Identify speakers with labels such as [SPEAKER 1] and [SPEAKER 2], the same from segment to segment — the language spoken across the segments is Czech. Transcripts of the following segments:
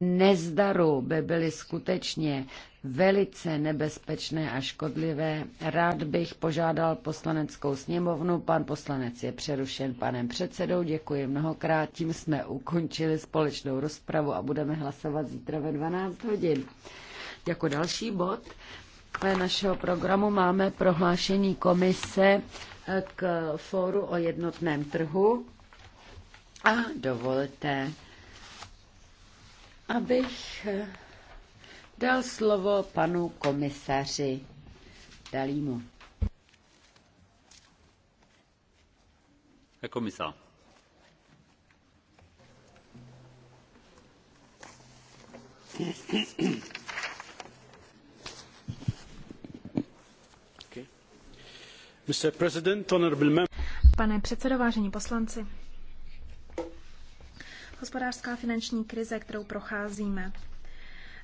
[SPEAKER 1] nezdaru by byly skutečně velice nebezpečné a škodlivé. Rád bych požádal poslaneckou sněmovnu. Pan poslanec je přerušen panem předsedou. Děkuji mnohokrát. Tím jsme ukončili společnou rozpravu a budeme hlasovat zítra ve 12 hodin. Jako další bod našeho programu máme prohlášení komise k fóru o jednotném trhu. A dovolte, abych eh, dal slovo panu komisaři Dalímu.
[SPEAKER 2] Herr Kommissar.
[SPEAKER 3] Pane předsedo, vážení poslanci, Hospodářská finanční krize, kterou procházíme,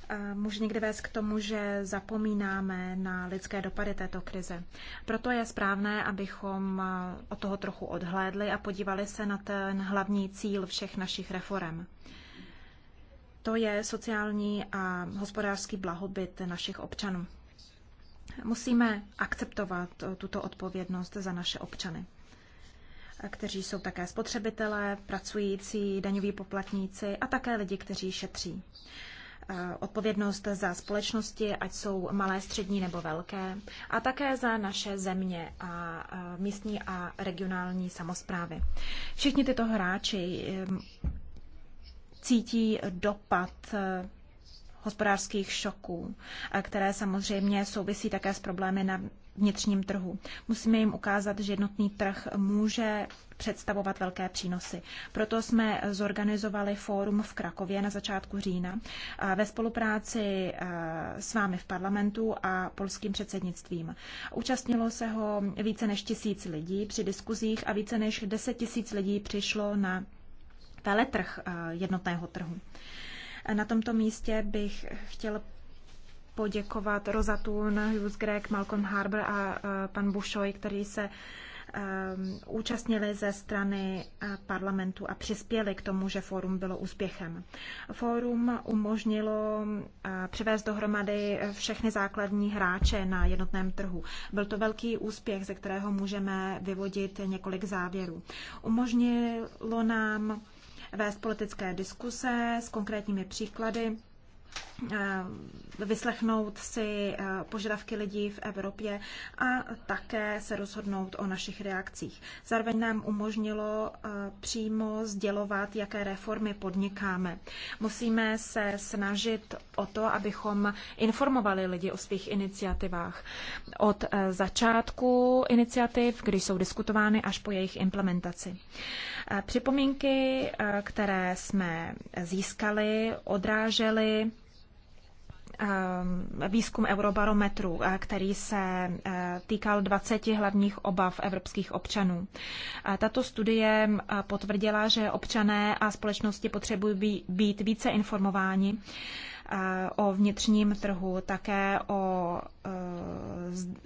[SPEAKER 3] eh, může někdy vést k tomu, že zapomínáme na lidské dopady této krize. Proto je správné, abychom eh, o toho trochu odhlédli a podívali se na ten hlavní cíl všech našich reform. To je sociální a hospodářský blahobyt našich občanů. Musíme akceptovat eh, tuto odpovědnost za naše občany kteří jsou také spotřebitelé, pracující, daňoví poplatníci a také lidi, kteří šetří. E, odpovědnost za společnosti, ať jsou malé, střední nebo velké, a také za naše země a e, místní a regionální samozprávy. Všichni tyto hráči e, cítí dopad hospodářských šoků, které samozřejmě souvisí také s problémy na vnitřním trhu. Musíme jim ukázat, že jednotný trh může představovat velké přínosy. Proto jsme zorganizovali fórum v Krakově na začátku října ve spolupráci e, s vámi v parlamentu a polským předsednictvím. Účastnilo se ho více než tisíc lidí při diskuzích a více než deset tisíc lidí přišlo na veletrh e, jednotného trhu. Na tomto místě bych chtěl poděkovat Rozatun, Hughes Greg, Malcolm Harbour a eh, pan Bushoj, který se eh, účastnili ze strany eh, parlamentu a přispěli k tomu, že fórum bylo úspěchem. Fórum umožnilo přivést dohromady všechny základní hráče na jednotném trhu. Byl to velký úspěch, ze kterého můžeme vyvodit několik závěrů. Umožnilo nám vést politické diskuse s konkrétními příklady Eh, vyslechnout si eh, požadavky lidí v Evropě a také se rozhodnout o našich reakcích. Zároveň nám umožnilo eh, přímo sdělovat, jaké reformy podnikáme. Musíme se snažit o to, abychom informovali lidi o svých iniciativách. Od začátku iniciativ, když jsou diskutovány, až po jejich implementaci. Připomínky, které jsme získali, odrážely Eh, výzkum Eurobarometru, eh, který se eh, týkal 20 hlavních obav evropských občanů. Tato studie potvrdila, že občané a společnosti potřebují být více informováni o vnitřním trhu, také o e,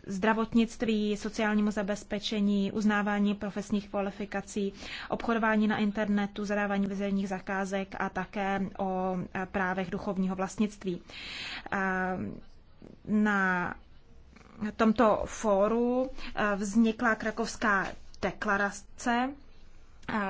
[SPEAKER 3] zdravotnictví, sociálnímu zabezpečení, uznávání profesních kvalifikací, obchodování na internetu, zadávání veřejných zakázek a také o e, právech duchovního vlastnictví. Na tomto fóru e, vznikla krakovská deklarace,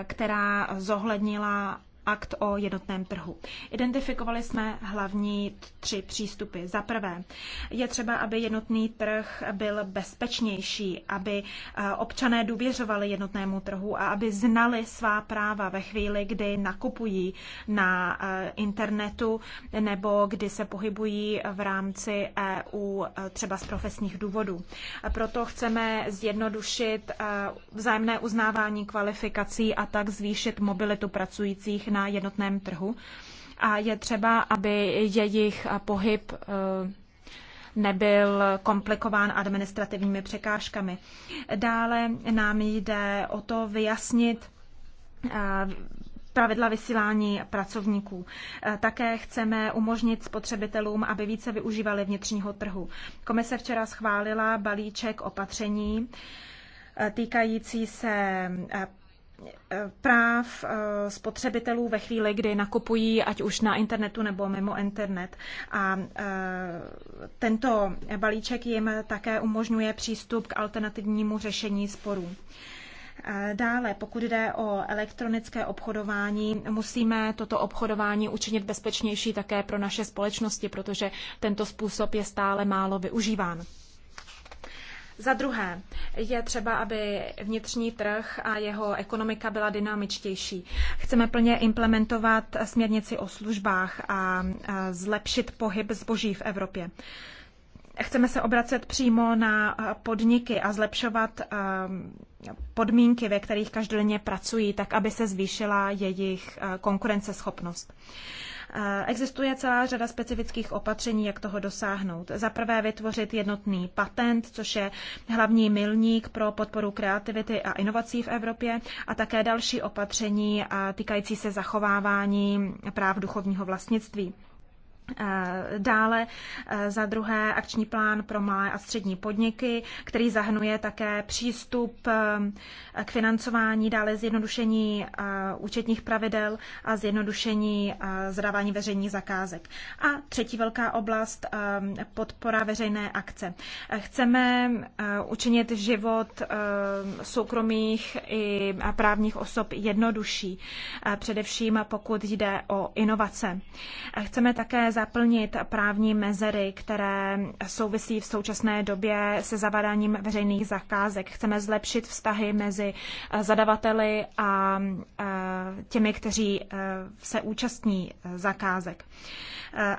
[SPEAKER 3] která zohlednila akt o jednotném trhu. Identifikovali jsme hlavní tři přístupy. Za prvé, je třeba, aby jednotný trh byl bezpečnější, aby eh, občané důvěřovali jednotnému trhu a aby znali svá práva ve chvíli, kdy nakupují na eh, internetu nebo kdy se pohybují v rámci EU eh, třeba z profesních důvodů. Proto chceme zjednodušit vzájemné uznávání kvalifikací a tak zvýšit mobilitu pracujících na jednotném trhu a je třeba, aby jejich pohyb eh, nebyl komplikován administrativními překážkami. Dále nám jde o to vyjasnit eh, pravidla vysílání pracovníků. Eh, také chceme umožnit spotřebitelům, aby více využívali vnitřního trhu. Komise včera schválila balíček opatření týkající se Eh, práv eh, spotřebitelů ve chvíli, kdy nakupují, ať už na internetu nebo mimo internet. A eh, tento balíček jim také umožňuje přístup k alternativnímu řešení sporů. Dále, pokud jde o elektronické obchodování, musíme toto obchodování učinit bezpečnější také pro naše společnosti, protože tento způsob je stále málo využíván. Za druhé, je třeba, aby vnitřní trh a jeho ekonomika byla dynamičtější. Chceme plně implementovat směrnici o službách a zlepšit pohyb zboží v Evropě. Chceme se obracet přímo na podniky a zlepšovat um, podmínky, ve kterých každodenně pracují, tak aby se zvýšila jejich uh, konkurenceschopnost. Existuje celá řada specifických opatření, jak toho dosáhnout. Za prvé vytvořit jednotný patent, což je hlavní milník pro podporu kreativity a inovací v Evropě a také další opatření týkající se zachovávání práv duchovního vlastnictví. Eh, dále eh, za druhé akční plán pro malé a střední podniky, který zahrnuje také přístup eh, k financování, dále zjednodušení účetních pravidel a zjednodušení zadávání veřejných zakázek. A třetí velká oblast podpora veřejné akce. Chceme učinit život soukromých i právních osob jednodušší, především pokud jde o inovace. Chceme také zaplnit právní mezery, které souvisí v současné době se zavadáním veřejných zakázek. Chceme zlepšit vztahy mezi eh, zadavateli a eh, těmi, kteří eh, se účastní zakázek.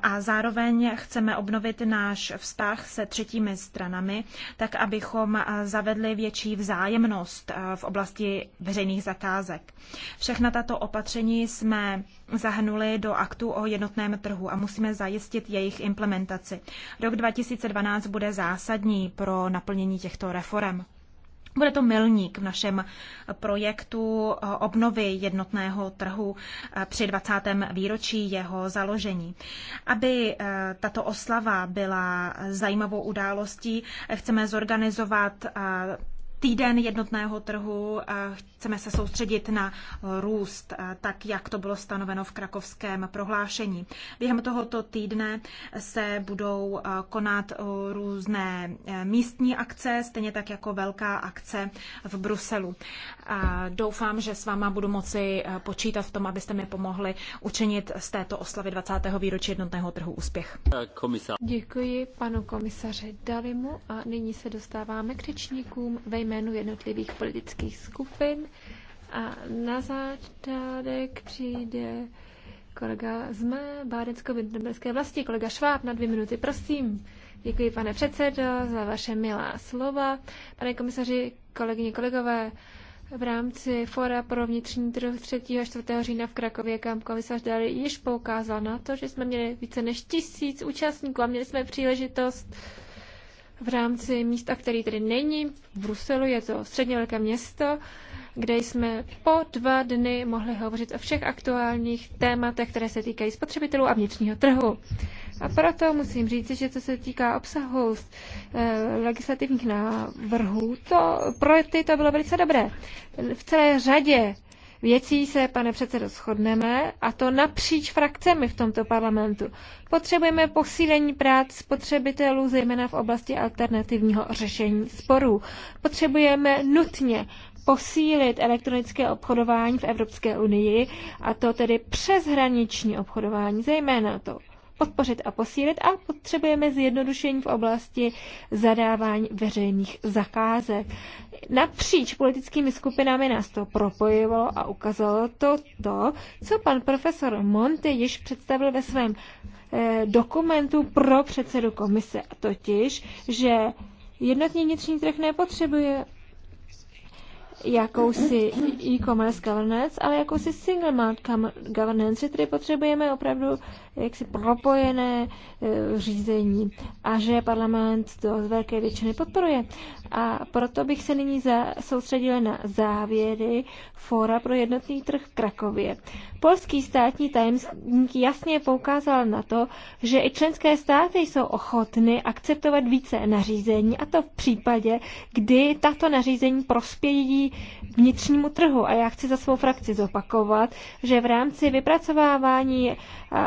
[SPEAKER 3] A zároveň chceme obnovit náš vztah se třetími stranami, tak abychom zavedli větší vzájemnost v oblasti veřejných zakázek. Všechna tato opatření jsme zahrnuli do aktu o jednotném trhu a musíme musíme zajistit jejich implementaci. Rok 2012 bude zásadní pro naplnění těchto reform. Bude to milník v našem projektu obnovy jednotného trhu při 20. výročí jeho založení. Aby eh, tato oslava byla zajímavou událostí, chceme zorganizovat eh, týden jednotného trhu chceme se soustředit na růst, tak jak to bylo stanoveno v krakovském prohlášení. Během tohoto týdne se budou konat různé e, místní akce, stejně tak jako velká akce v Bruselu. Doufám, že s váma budu moci eh, počítat v tom, abyste mi pomohli učinit z této oslavy 20. výročí jednotného trhu úspěch.
[SPEAKER 4] Děkuji panu komisaři Dalimu a nyní se dostáváme k řečníkům ve jménu jednotlivých politických skupin. A na začátek přijde kolega z mé bádecko-vintemberské vlasti, kolega Šváb na dvě minuty, prosím. Děkuji, pane předsedo, za vaše milá slova. Pane komisaři, kolegyně, kolegové, v rámci fora pro vnitřní trh 3. a 4. října v Krakově, kam komisař Dali již poukázal na to, že jsme měli více než tisíc účastníků a měli jsme příležitost v rámci místa, který tedy není v Bruselu, je to středně velké město, kde jsme po dva dny mohli hovořit o všech aktuálních tématech, které se týkají spotřebitelů a vnitřního trhu. A proto musím říct, že co se týká obsahu eh, legislativních návrhů, to pro ty to bylo velice dobré. V celé řadě věcí se, pane předsedo, shodneme a to napříč frakcemi v tomto parlamentu. Potřebujeme posílení prác spotřebitelů, zejména v oblasti alternativního řešení sporů. Potřebujeme nutně posílit elektronické obchodování v Evropské unii, a to tedy přeshraniční obchodování, zejména to podpořit a posílit a potřebujeme zjednodušení v oblasti zadávání veřejných zakázek. Napříč politickými skupinami nás to propojilo a ukázalo to to, co pan profesor Monte již představil ve svém eh, dokumentu pro předsedu komise, a totiž, že jednotný vnitřní trh nepotřebuje jakousi e-commerce governance, ale jakousi single market governance, že tedy potřebujeme opravdu jaksi propojené e, řízení a že parlament to z velké většiny podporuje. A proto bych se nyní za, soustředila na závěry Fóra pro jednotný trh v Krakově. Polský státní tajemník jasně poukázal na to, že i členské státy jsou ochotny akceptovat více nařízení a to v případě, kdy tato nařízení prospějí vnitřnímu trhu. A já chci za svou frakci zopakovat, že v rámci vypracovávání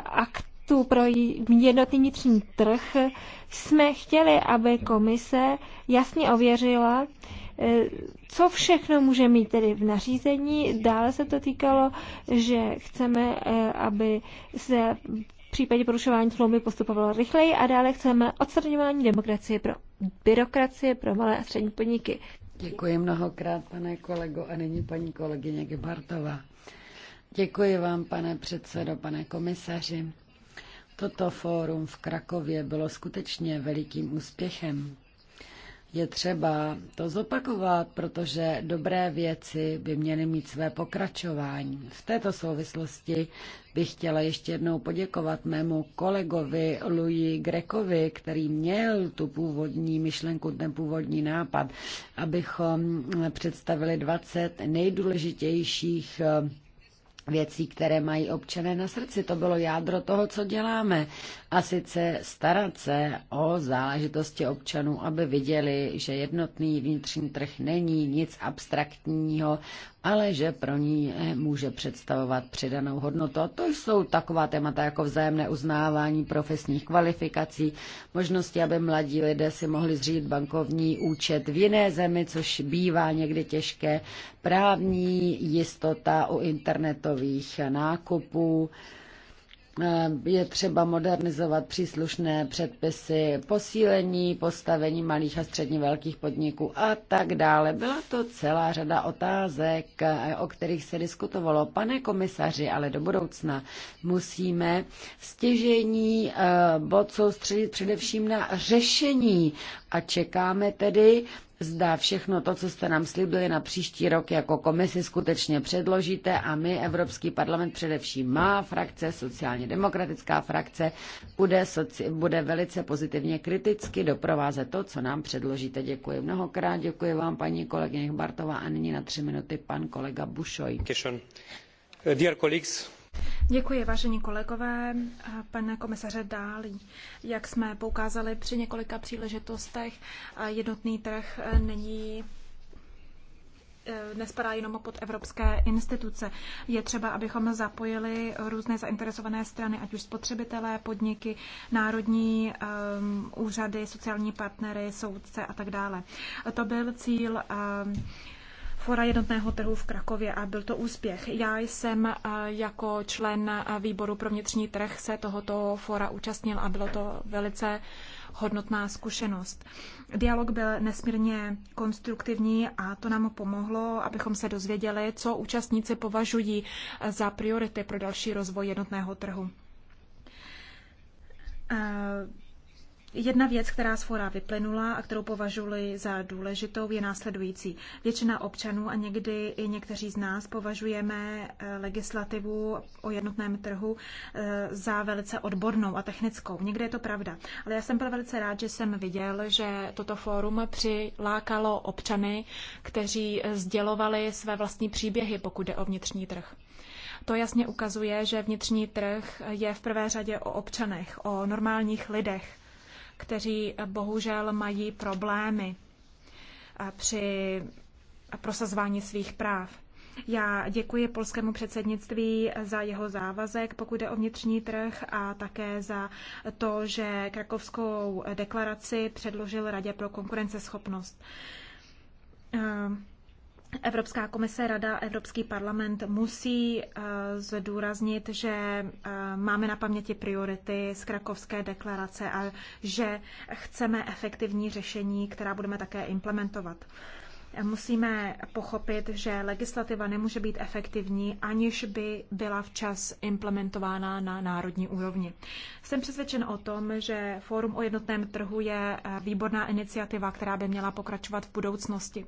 [SPEAKER 4] akt aktů pro jednotný vnitřní trh jsme chtěli, aby komise jasně ověřila, eh, co všechno může mít tedy v nařízení. Dále se to týkalo, že chceme, eh, aby se v případě porušování smlouvy postupovalo rychleji a dále chceme odstraňování demokracie pro byrokracie pro
[SPEAKER 1] malé a střední podniky. Děkuji mnohokrát, pane kolego, a nyní paní kolegyně Gebartová. Děkuji vám, pane předsedo, pane komisaři. Toto fórum v Krakově bylo skutečně velikým úspěchem. Je třeba to zopakovat, protože dobré věci by měly mít své pokračování. V této souvislosti bych chtěla ještě jednou poděkovat mému kolegovi Louis Grekovi, který měl tu původní myšlenku, ten původní nápad, abychom představili 20 nejdůležitějších eh, věcí, které mají občané na srdci. To bylo jádro toho, co děláme. A sice starat se o záležitosti občanů, aby viděli, že jednotný vnitřní trh není nic abstraktního, ale že pro ní eh, může představovat přidanou hodnotu. A to jsou taková témata jako vzájemné uznávání profesních kvalifikací, možnosti, aby mladí lidé si mohli zřídit bankovní účet v jiné zemi, což bývá někdy těžké, právní jistota u internetových nákupů, Eh, je třeba modernizovat příslušné předpisy, posílení postavení malých a středně velkých podniků a tak dále. Byla to celá řada otázek, eh, o kterých se diskutovalo. Pane komisaři, ale do budoucna musíme stěžení eh, bod soustředit především na řešení a čekáme tedy zda všechno to, co jste nám slíbili na příští rok jako komisi, skutečně předložíte a my, Evropský parlament, především má frakce, sociálně demokratická frakce, bude, soci, bude velice pozitivně kriticky doprovázet to, co nám předložíte. Děkuji mnohokrát, děkuji vám, paní kolegyně Bartová, a nyní na tři minuty pan kolega Bušoj.
[SPEAKER 2] Dear colleagues,
[SPEAKER 3] Děkuji, vážení kolegové, pane komisaře Dálí. Jak jsme poukázali při několika příležitostech, jednotný trh e, není e, nespadá jenom pod evropské instituce. Je třeba, abychom zapojili různé zainteresované strany, ať už spotřebitelé, podniky, národní um, úřady, sociální partnery, soudce a tak dále. To byl cíl um, Fora jednotného trhu v Krakově a byl to úspěch. Já jsem eh, jako člen eh, výboru pro vnitřní trh se tohoto fora účastnil a bylo to velice hodnotná zkušenost. Dialog byl nesmírně konstruktivní a to nám pomohlo, abychom se dozvěděli, co účastníci považují eh, za priority pro další rozvoj jednotného trhu. Jedna věc, která z fora vyplynula a kterou považuji za důležitou, je následující. Většina občanů a někdy i někteří z nás považujeme eh, legislativu o jednotném trhu eh, za velice odbornou a technickou. Někde je to pravda. Ale já jsem byl velice rád, že jsem viděl, že toto fórum přilákalo občany, kteří eh, sdělovali své vlastní příběhy, pokud jde o vnitřní trh. To jasně ukazuje, že vnitřní trh je v prvé řadě o občanech, o normálních lidech kteří eh, bohužel mají problémy eh, při prosazování svých práv. Já děkuji polskému předsednictví eh, za jeho závazek, pokud jde o vnitřní trh a také za to, že krakovskou deklaraci předložil Radě pro konkurenceschopnost. Evropská komise, Rada, Evropský parlament musí eh, zdůraznit, že eh, máme na paměti priority z krakovské deklarace a že chceme efektivní řešení, která budeme také implementovat. Musíme pochopit, že legislativa nemůže být efektivní, aniž by byla včas implementována na národní úrovni. Jsem přesvědčen o tom, že Fórum o jednotném trhu je eh, výborná iniciativa, která by měla pokračovat v budoucnosti.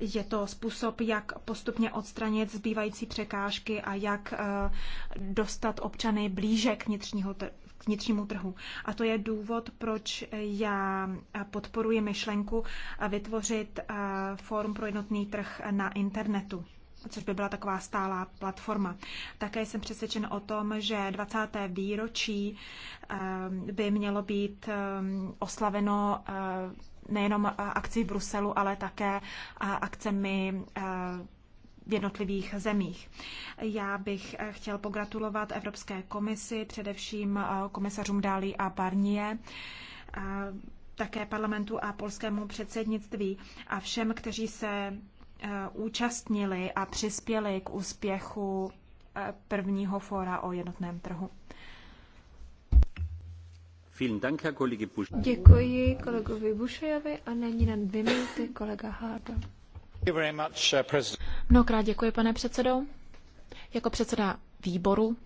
[SPEAKER 3] Je to způsob, jak postupně odstranit zbývající překážky a jak eh, dostat občany blíže k, vnitřního, k vnitřnímu trhu. A to je důvod, proč já podporuji myšlenku eh, vytvořit eh, fórum pro jednotný trh na internetu což by byla taková stálá platforma. Také jsem přesvědčen o tom, že 20. výročí by mělo být oslaveno nejenom eh, akcí v Bruselu, ale také eh, akcemi eh, v jednotlivých zemích. Já bych chtěl pogratulovat Evropské komisi, především komisařům Dálí a Barnier, také parlamentu a polskému předsednictví a všem, kteří se účastnili a přispěli k úspěchu prvního fóra o jednotném trhu.
[SPEAKER 2] Děkuji
[SPEAKER 3] kolegovi Bušejovi a nyní na dvě minuty kolega Háda. Uh, Mnohokrát děkuji, pane předsedo. Jako předseda výboru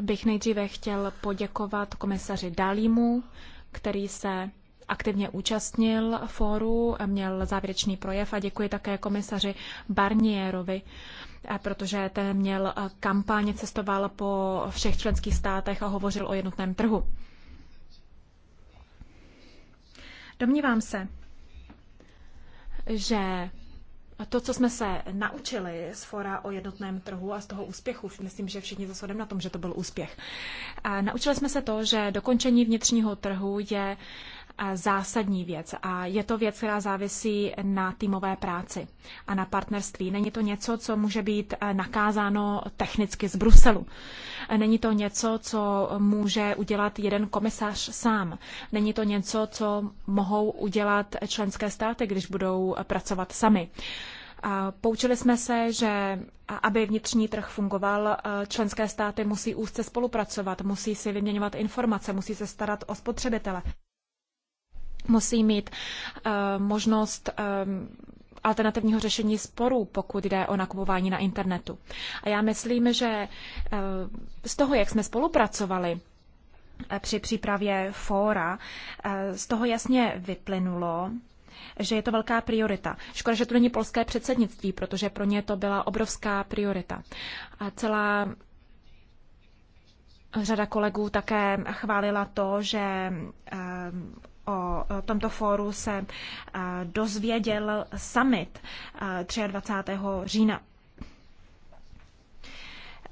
[SPEAKER 3] bych nejdříve chtěl poděkovat komisaři Dalímu, který se aktivně účastnil fóru, měl závěrečný projev a děkuji také komisaři Barnierovi, eh, protože ten měl eh, kampaň, cestoval po všech členských státech a hovořil o jednotném trhu. Domnívám se, že to, co jsme se naučili z fora o jednotném trhu a z toho úspěchu, myslím, že všichni zase na tom, že to byl úspěch. A naučili jsme se to, že dokončení vnitřního trhu je zásadní věc a je to věc, která závisí na týmové práci a na partnerství. Není to něco, co může být eh, nakázáno technicky z Bruselu. Není to něco, co může udělat jeden komisař sám. Není to něco, co mohou udělat členské státy, když budou pracovat sami. Poučili jsme se, že aby vnitřní trh fungoval, eh, členské státy musí úzce spolupracovat, musí si vyměňovat informace, musí se starat o spotřebitele musí mít eh, možnost eh, alternativního řešení sporů, pokud jde o nakupování na internetu. A já myslím, že eh, z toho, jak jsme spolupracovali při přípravě fóra, z toho jasně vyplynulo, že je to velká priorita. Škoda, že to není polské předsednictví, protože pro ně to byla obrovská priorita. A celá řada kolegů také chválila to, že o tomto fóru se eh, dozvěděl summit 23. Eh, října.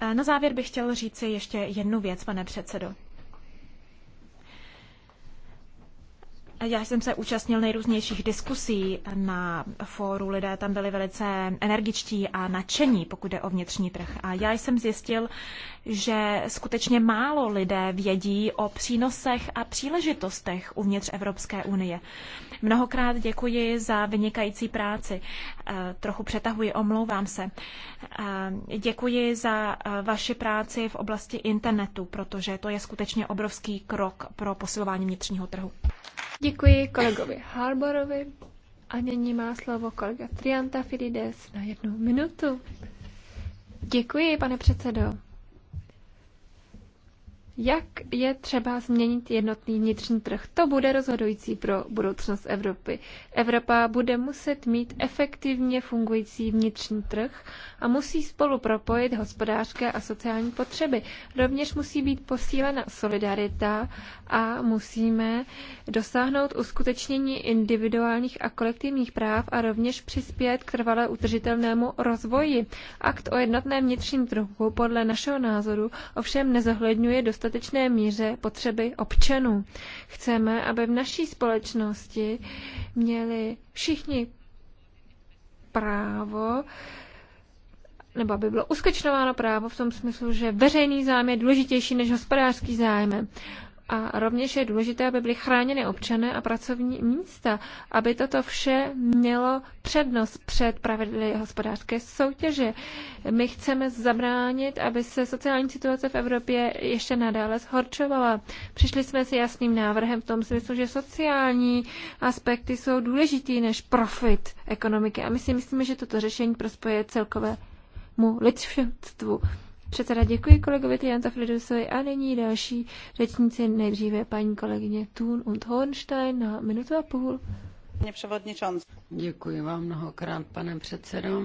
[SPEAKER 3] Eh, na závěr bych chtěl říci ještě jednu věc, pane předsedo. Já jsem se účastnil nejrůznějších diskusí na fóru. Lidé tam byli velice energičtí a nadšení, pokud jde o vnitřní trh. A já jsem zjistil, že skutečně málo lidé vědí o přínosech a příležitostech uvnitř Evropské unie. Mnohokrát děkuji za vynikající práci. Eh, trochu přetahuji, omlouvám se. Eh, děkuji za eh, vaši práci v oblasti internetu, protože to je skutečně obrovský krok pro posilování vnitřního trhu.
[SPEAKER 4] Děkuji kolegovi Harborovi. A nyní má slovo kolega Trianta Filides na jednu minutu. Děkuji, pane předsedo jak je třeba změnit jednotný vnitřní trh. To bude rozhodující pro budoucnost Evropy. Evropa bude muset mít efektivně fungující vnitřní trh a musí spolu propojit hospodářské a sociální potřeby. Rovněž musí být posílena solidarita a musíme dosáhnout uskutečnění individuálních a kolektivních práv a rovněž přispět k trvale utržitelnému rozvoji. Akt o jednotném vnitřním trhu podle našeho názoru ovšem nezohledňuje dostatečně dostatečné míře potřeby občanů. Chceme, aby v naší společnosti měli všichni právo nebo aby bylo uskečnováno právo v tom smyslu, že veřejný zájem je důležitější než hospodářský zájem. A rovněž je důležité, aby byly chráněny občané a pracovní místa, aby toto vše mělo přednost před pravidly hospodářské soutěže. My chceme zabránit, aby se sociální situace v Evropě ještě nadále zhorčovala. Přišli jsme s jasným návrhem v tom smyslu, že sociální aspekty jsou důležitý než profit ekonomiky. A my si myslíme, že toto řešení prospoje celkovému lidstvu. Předseda, děkuji kolegovi Trianta Flidusovi a nyní další řečníci, nejdříve paní kolegyně Thun und Hornstein na minutu a půl.
[SPEAKER 1] Děkuji vám mnohokrát, pane předsedo.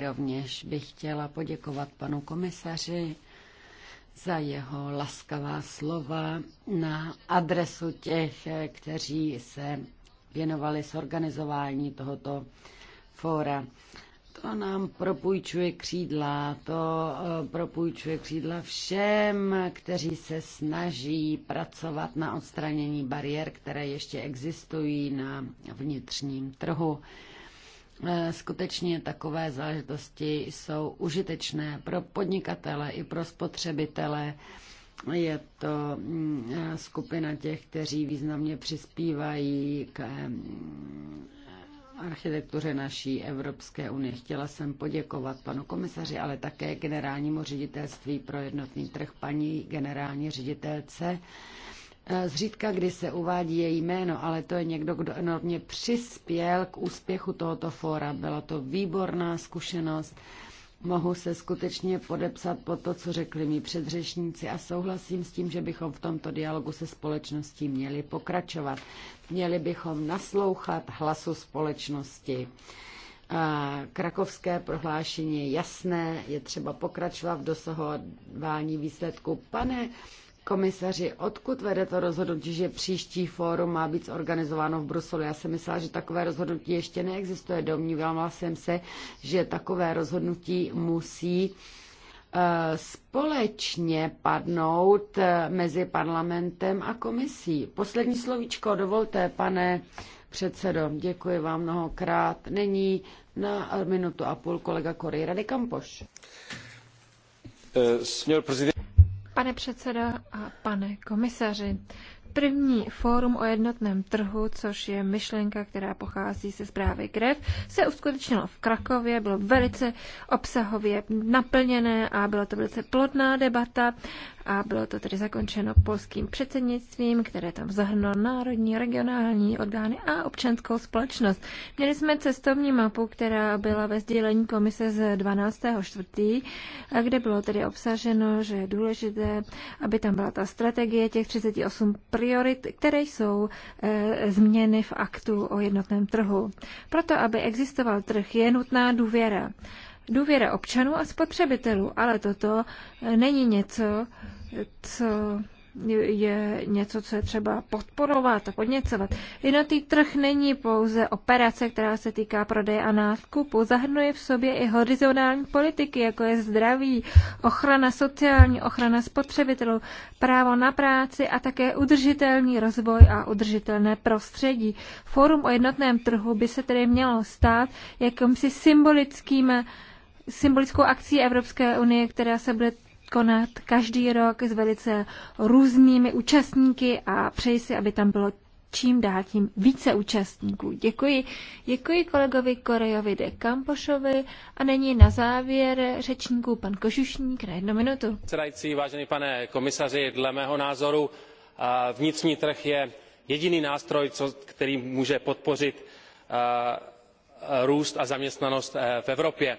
[SPEAKER 1] Rovněž bych chtěla poděkovat panu komisaři za jeho laskavá slova na adresu těch, kteří se věnovali organizování tohoto fóra. To nám propůjčuje křídla, to eh, propůjčuje křídla všem, kteří se snaží pracovat na odstranění bariér, které ještě existují na vnitřním trhu. Eh, skutečně takové záležitosti jsou užitečné pro podnikatele i pro spotřebitele. Je to mm, eh, skupina těch, kteří významně přispívají k architektuře naší Evropské unie. Chtěla jsem poděkovat panu komisaři, ale také generálnímu ředitelství pro jednotný trh, paní generální ředitelce. Eh, zřídka, kdy se uvádí její jméno, ale to je někdo, kdo enormně přispěl k úspěchu tohoto fóra. Byla to výborná zkušenost mohu se skutečně podepsat po to, co řekli mi předřešníci a souhlasím s tím, že bychom v tomto dialogu se společností měli pokračovat. Měli bychom naslouchat hlasu společnosti. Krakovské prohlášení je jasné, je třeba pokračovat v dosahování výsledků. Pane komisaři, odkud vede to rozhodnutí, že příští fórum má být zorganizováno v Bruselu? Já jsem myslela, že takové rozhodnutí ještě neexistuje. Domnívala jsem se, že takové rozhodnutí musí eh, společně padnout eh, mezi parlamentem a komisí. Poslední slovíčko, dovolte, pane předsedo, děkuji vám mnohokrát. Není na minutu a půl kolega Kory Rady Kampoš. Uh, Pane předsedo a pane komisaři,
[SPEAKER 4] první fórum o jednotném trhu, což je myšlenka, která pochází ze zprávy KREV, se uskutečnilo v Krakově, bylo velice obsahově naplněné a byla to velice plodná debata a bylo to tedy zakončeno polským předsednictvím, které tam zahrnulo národní, regionální orgány a občanskou společnost. Měli jsme cestovní mapu, která byla ve sdělení komise z 12.4., kde bylo tedy obsaženo, že je důležité, aby tam byla ta strategie těch 38 priorit, které jsou e, změny v aktu o jednotném trhu. Proto, aby existoval trh, je nutná důvěra důvěra občanů a spotřebitelů, ale toto e, není něco, co je něco, co je třeba podporovat a podněcovat. Jednotý trh není pouze operace, která se týká prodeje a nákupu, zahrnuje v sobě i horizontální politiky, jako je zdraví, ochrana sociální, ochrana spotřebitelů, právo na práci a také udržitelný rozvoj a udržitelné prostředí. Fórum o jednotném trhu by se tedy mělo stát jakýmsi symbolickým symbolickou akcí Evropské unie, která se bude konat každý rok s velice různými účastníky a přeji si, aby tam bylo čím dál tím více účastníků. Děkuji. Děkuji kolegovi Korejovi de Kampošovi a není na závěr řečníků pan Kožušník na jednu minutu.
[SPEAKER 2] Předající, vážený pane komisaři, dle mého názoru vnitřní trh je jediný nástroj, co, který může podpořit růst a zaměstnanost e, v Evropě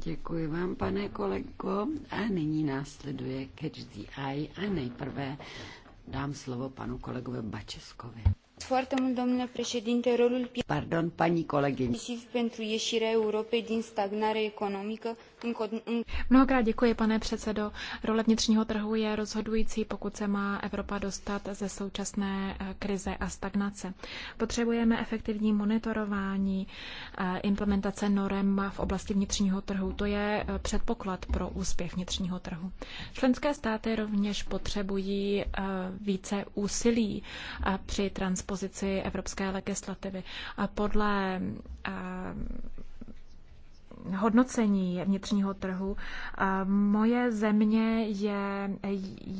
[SPEAKER 1] Děkuji vám, pane kolego. A nyní následuje Catch the Eye a nejprve dám slovo panu kolegovi Bačeskovi.
[SPEAKER 4] Foarte mult, domnule președinte, rolul
[SPEAKER 1] Pardon, paní kolegyně.
[SPEAKER 4] pentru ieșirea Europei din stagnare economică
[SPEAKER 1] Mnohokrát děkuji, pane předsedo. Role
[SPEAKER 3] vnitřního trhu je rozhodující, pokud se má Evropa dostat ze současné eh, krize a stagnace. Potřebujeme efektivní monitorování eh, implementace norem v oblasti vnitřního trhu. To je eh, předpoklad pro úspěch vnitřního trhu. Členské státy rovněž potřebují více úsilí při transpozici evropské legislativy. Podle hodnocení vnitřního trhu. Moje země je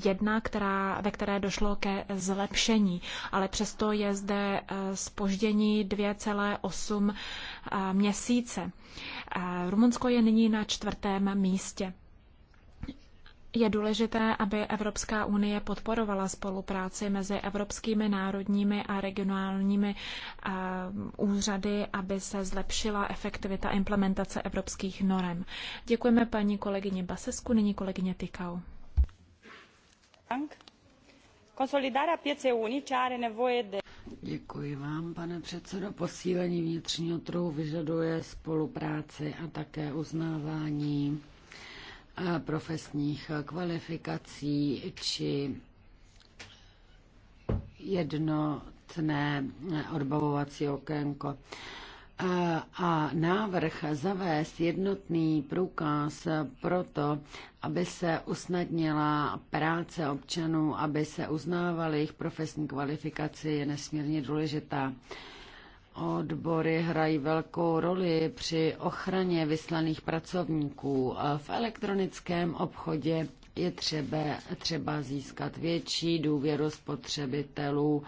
[SPEAKER 3] jedna, která, ve které došlo ke zlepšení, ale přesto je zde spoždění eh, 2,8 eh, měsíce. Rumunsko je nyní na čtvrtém místě. Je důležité, aby Evropská unie podporovala spolupráci mezi evropskými národními a regionálními eh, úřady, aby se zlepšila efektivita implementace evropských norem. Děkujeme paní kolegyně Basesku, nyní kolegyně Tykau.
[SPEAKER 4] unice
[SPEAKER 1] Děkuji vám, pane předsedo. Posílení vnitřního trhu vyžaduje spolupráci a také uznávání profesních kvalifikací či jednotné odbavovací okénko. A návrh zavést jednotný průkaz proto, aby se usnadnila práce občanů, aby se uznávaly jejich profesní kvalifikace, je nesmírně důležitá. Odbory hrají velkou roli při ochraně vyslaných pracovníků. V elektronickém obchodě je třeba, třeba získat větší důvěru spotřebitelů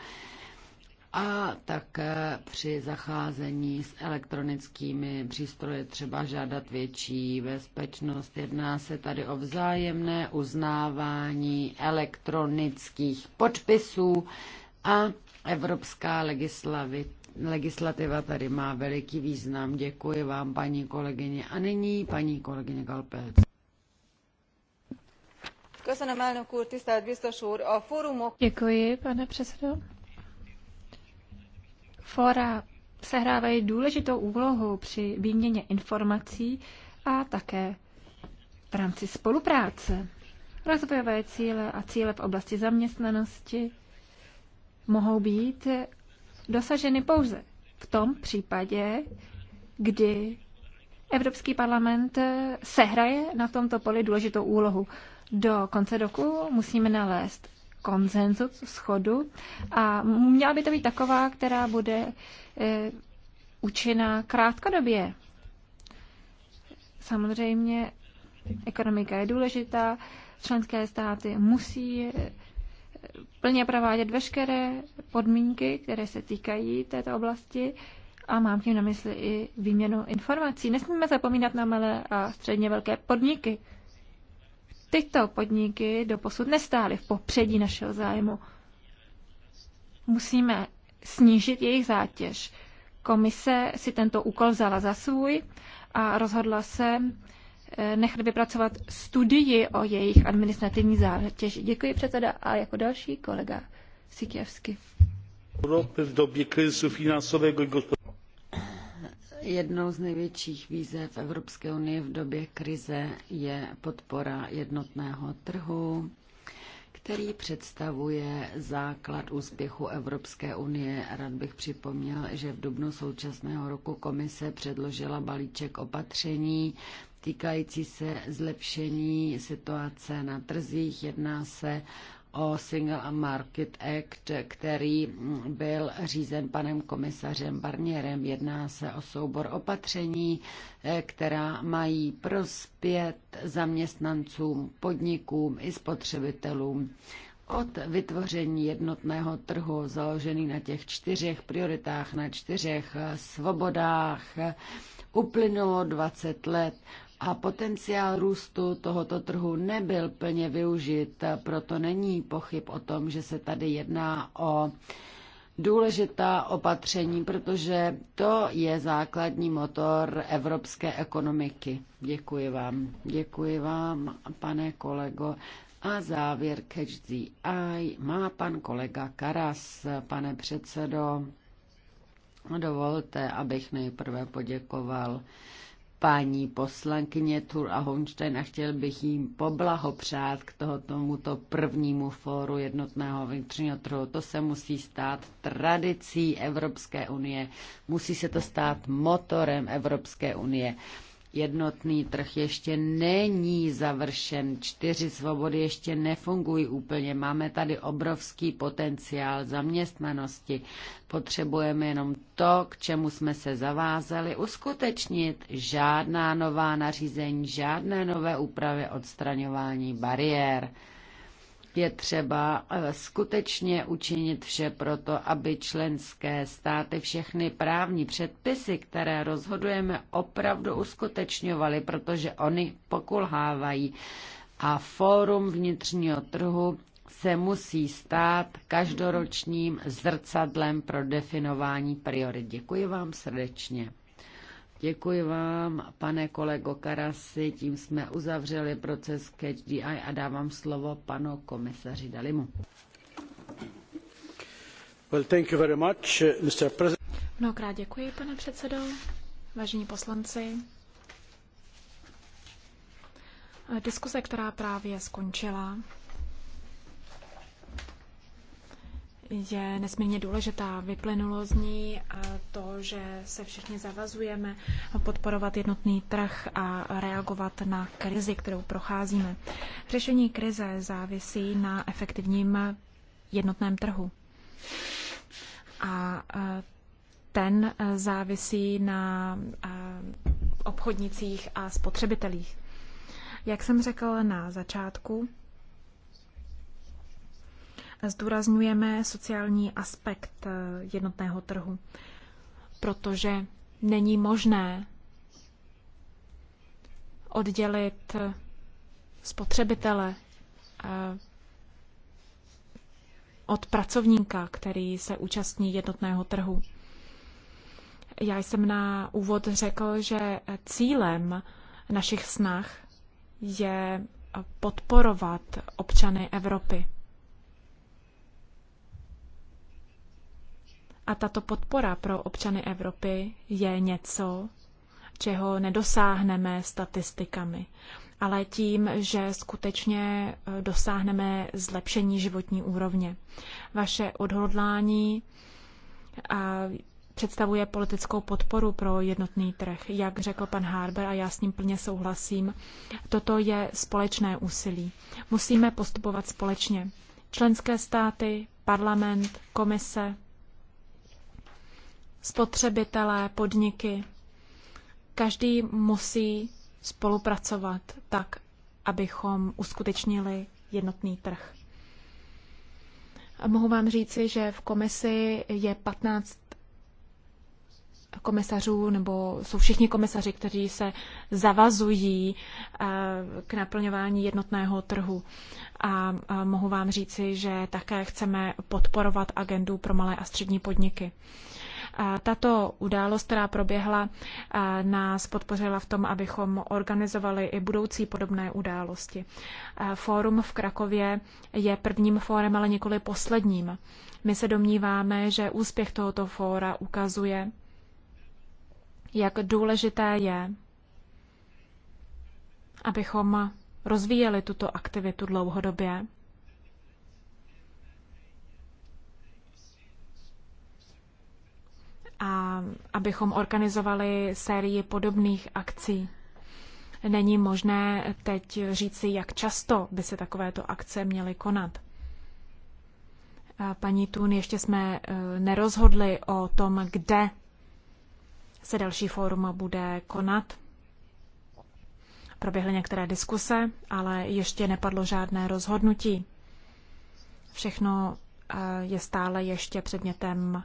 [SPEAKER 1] a také při zacházení s elektronickými přístroji třeba žádat větší bezpečnost. Jedná se tady o vzájemné uznávání elektronických podpisů a evropská legislativa. Legislativa tady má veliký význam. Děkuji vám, paní kolegyně. A nyní paní kolegyně Galpelc. Děkuji, pane předsedo.
[SPEAKER 4] Fora sehrávají důležitou úlohu při výměně informací a také v rámci spolupráce. Rozvojové cíle a cíle v oblasti zaměstnanosti mohou být dosaženy pouze v tom případě, kdy Evropský parlament sehraje na tomto poli důležitou úlohu. Do konce roku musíme nalézt konsenzus, schodu a měla by to být taková, která bude e, účinná krátkodobě. Samozřejmě ekonomika je důležitá, členské státy musí plně provádět veškeré podmínky, které se týkají této oblasti a mám tím na mysli i výměnu informací. Nesmíme zapomínat na malé a středně velké podniky. Tyto podniky doposud nestály v popředí našeho zájmu. Musíme snížit jejich zátěž. Komise si tento úkol vzala za svůj a rozhodla se nechat vypracovat studii o jejich administrativní
[SPEAKER 1] zátěži. Děkuji předseda a jako další kolega Sikěvsky. v době Jednou z největších výzev Evropské unie v době krize je podpora jednotného trhu, který představuje základ úspěchu Evropské unie. Rád bych připomněl, že v dubnu současného roku komise předložila balíček opatření týkající se zlepšení situace na trzích. Jedná se o Single Market Act, který byl řízen panem komisařem Barnierem. Jedná se o soubor opatření, eh, která mají prospět zaměstnancům, podnikům i spotřebitelům. Od vytvoření jednotného trhu založený na těch čtyřech prioritách, na čtyřech eh, svobodách, uplynulo 20 let a potenciál růstu tohoto trhu nebyl plně využit, proto není pochyb o tom, že se tady jedná o důležitá opatření, protože to je základní motor evropské ekonomiky. Děkuji vám. Děkuji vám, pane kolego. A závěr Catch the Eye má pan kolega Karas, pane předsedo. Dovolte, abych nejprve poděkoval paní poslankyně Tur a Honstein a chtěl bych jim poblahopřát k tomuto prvnímu fóru jednotného vnitřního trhu. To se musí stát tradicí Evropské unie, musí se to stát motorem Evropské unie. Jednotný trh ještě není završen, čtyři svobody ještě nefungují úplně. Máme tady obrovský potenciál zaměstnanosti. Potřebujeme jenom to, k čemu jsme se zavázali, uskutečnit žádná nová nařízení, žádné nové úpravy odstraňování bariér je třeba eh, skutečně učinit vše proto, aby členské státy všechny právní předpisy, které rozhodujeme, opravdu uskutečňovaly, protože oni pokulhávají. A fórum vnitřního trhu se musí stát každoročním zrcadlem pro definování priorit. Děkuji vám srdečně. Děkuji vám, pane kolego Karasi, tím jsme uzavřeli proces Catch a dávám slovo panu komisaři Dalimu. Well, thank you very much, Mr. President.
[SPEAKER 3] Mnohokrát děkuji, pane předsedo, vážení poslanci. Diskuze, která právě skončila, je nesmírně důležitá. Vyplynulo z ní eh, to, že se všichni zavazujeme podporovat jednotný trh a reagovat na krizi, kterou procházíme. Řešení krize závisí na efektivním jednotném trhu. A eh, ten eh, závisí na obchodnicích a spotřebitelích. Jak jsem řekl na začátku, zdůrazňujeme sociální aspekt eh, jednotného trhu, protože není možné oddělit spotřebitele eh, od pracovníka, který se účastní jednotného trhu. Já jsem na úvod řekl, že cílem našich snah je podporovat občany Evropy. A tato podpora pro občany Evropy je něco, čeho nedosáhneme statistikami, ale tím, že skutečně eh, dosáhneme zlepšení životní úrovně. Vaše odhodlání eh, představuje politickou podporu pro jednotný trh. Jak řekl pan Harber, a já s ním plně souhlasím, toto je společné úsilí. Musíme postupovat společně. Členské státy, parlament, komise, spotřebitelé, podniky. Každý musí spolupracovat tak, abychom uskutečnili jednotný trh. A mohu vám říci, že v komisi je 15 komisařů, nebo jsou všichni komisaři, kteří se zavazují eh, k naplňování jednotného trhu. A mohu vám říci, že také chceme podporovat agendu pro malé a střední podniky. Tato událost, která proběhla, nás podpořila v tom, abychom organizovali i budoucí podobné události. Fórum v Krakově je prvním fórem, ale nikoli posledním. My se domníváme, že úspěch tohoto fóra ukazuje, jak důležité je, abychom rozvíjeli tuto aktivitu dlouhodobě a abychom organizovali sérii podobných akcí. Není možné teď říci, jak často by se takovéto akce měly konat. Paní Tun, ještě jsme e, nerozhodli o tom, kde se další fórum bude konat. Proběhly některé diskuse, ale ještě nepadlo žádné rozhodnutí. Všechno e, je stále ještě předmětem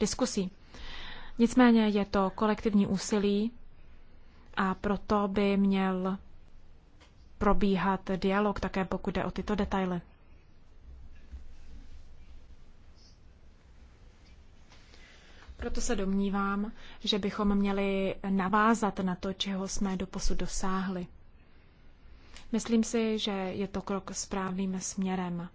[SPEAKER 3] diskusí. Nicméně je to kolektivní úsilí a proto by měl probíhat dialog také pokud jde o tyto detaily. Proto se domnívám, že bychom měli navázat na to, čeho jsme doposud dosáhli. Myslím si, že je to krok správným směrem.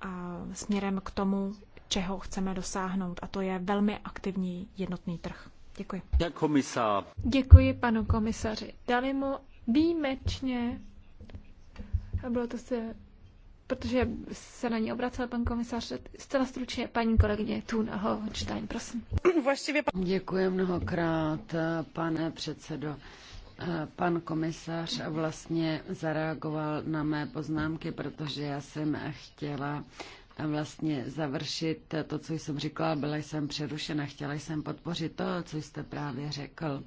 [SPEAKER 3] A směrem k tomu, čeho chceme dosáhnout, a to je velmi aktivní jednotný trh. Děkuji.
[SPEAKER 2] Komisár.
[SPEAKER 3] Děkuji panu komisaři Dalimu. Výjimečně,
[SPEAKER 4] a bylo to se, protože se na ní obracel pan komisař, zcela stručně paní kolegyně Thun a Hohenstein, prosím.
[SPEAKER 1] Děkuji mnohokrát, pane předsedo. Pan komisař vlastně zareagoval na mé poznámky, protože já jsem chtěla vlastně završit to, co jsem říkala, byla jsem přerušena, chtěla jsem podpořit to, co jste právě řekl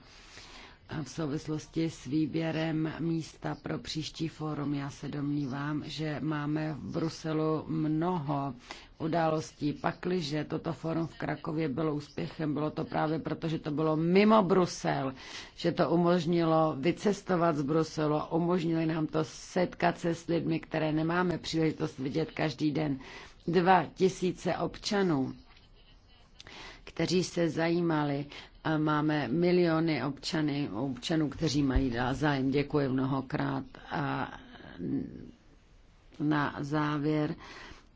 [SPEAKER 1] v souvislosti s výběrem místa pro příští fórum. Já se domnívám, že máme v Bruselu mnoho událostí. že toto fórum v Krakově bylo úspěchem, bylo to právě proto, že to bylo mimo Brusel, že to umožnilo vycestovat z Bruselu, umožnili nám to setkat se s lidmi, které nemáme příležitost vidět každý den dva tisíce občanů, kteří se zajímali a máme miliony občany, občanů, kteří mají zájem. Děkuji mnohokrát. A na závěr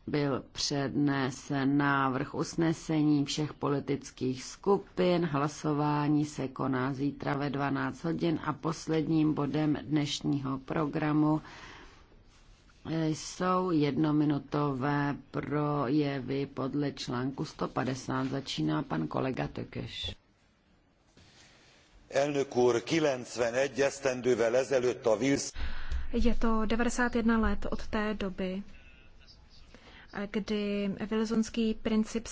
[SPEAKER 1] byl přednesen návrh usnesení všech politických skupin. Hlasování se koná zítra ve 12 hodin a posledním bodem dnešního programu jsou jednominutové projevy podle článku 150. Začíná pan kolega Tökeš.
[SPEAKER 2] Elnök úr,
[SPEAKER 4] 91 esztendővel ezelőtt a Wilson...
[SPEAKER 3] Je to 91 let od té doby, kdy Wilsonský princip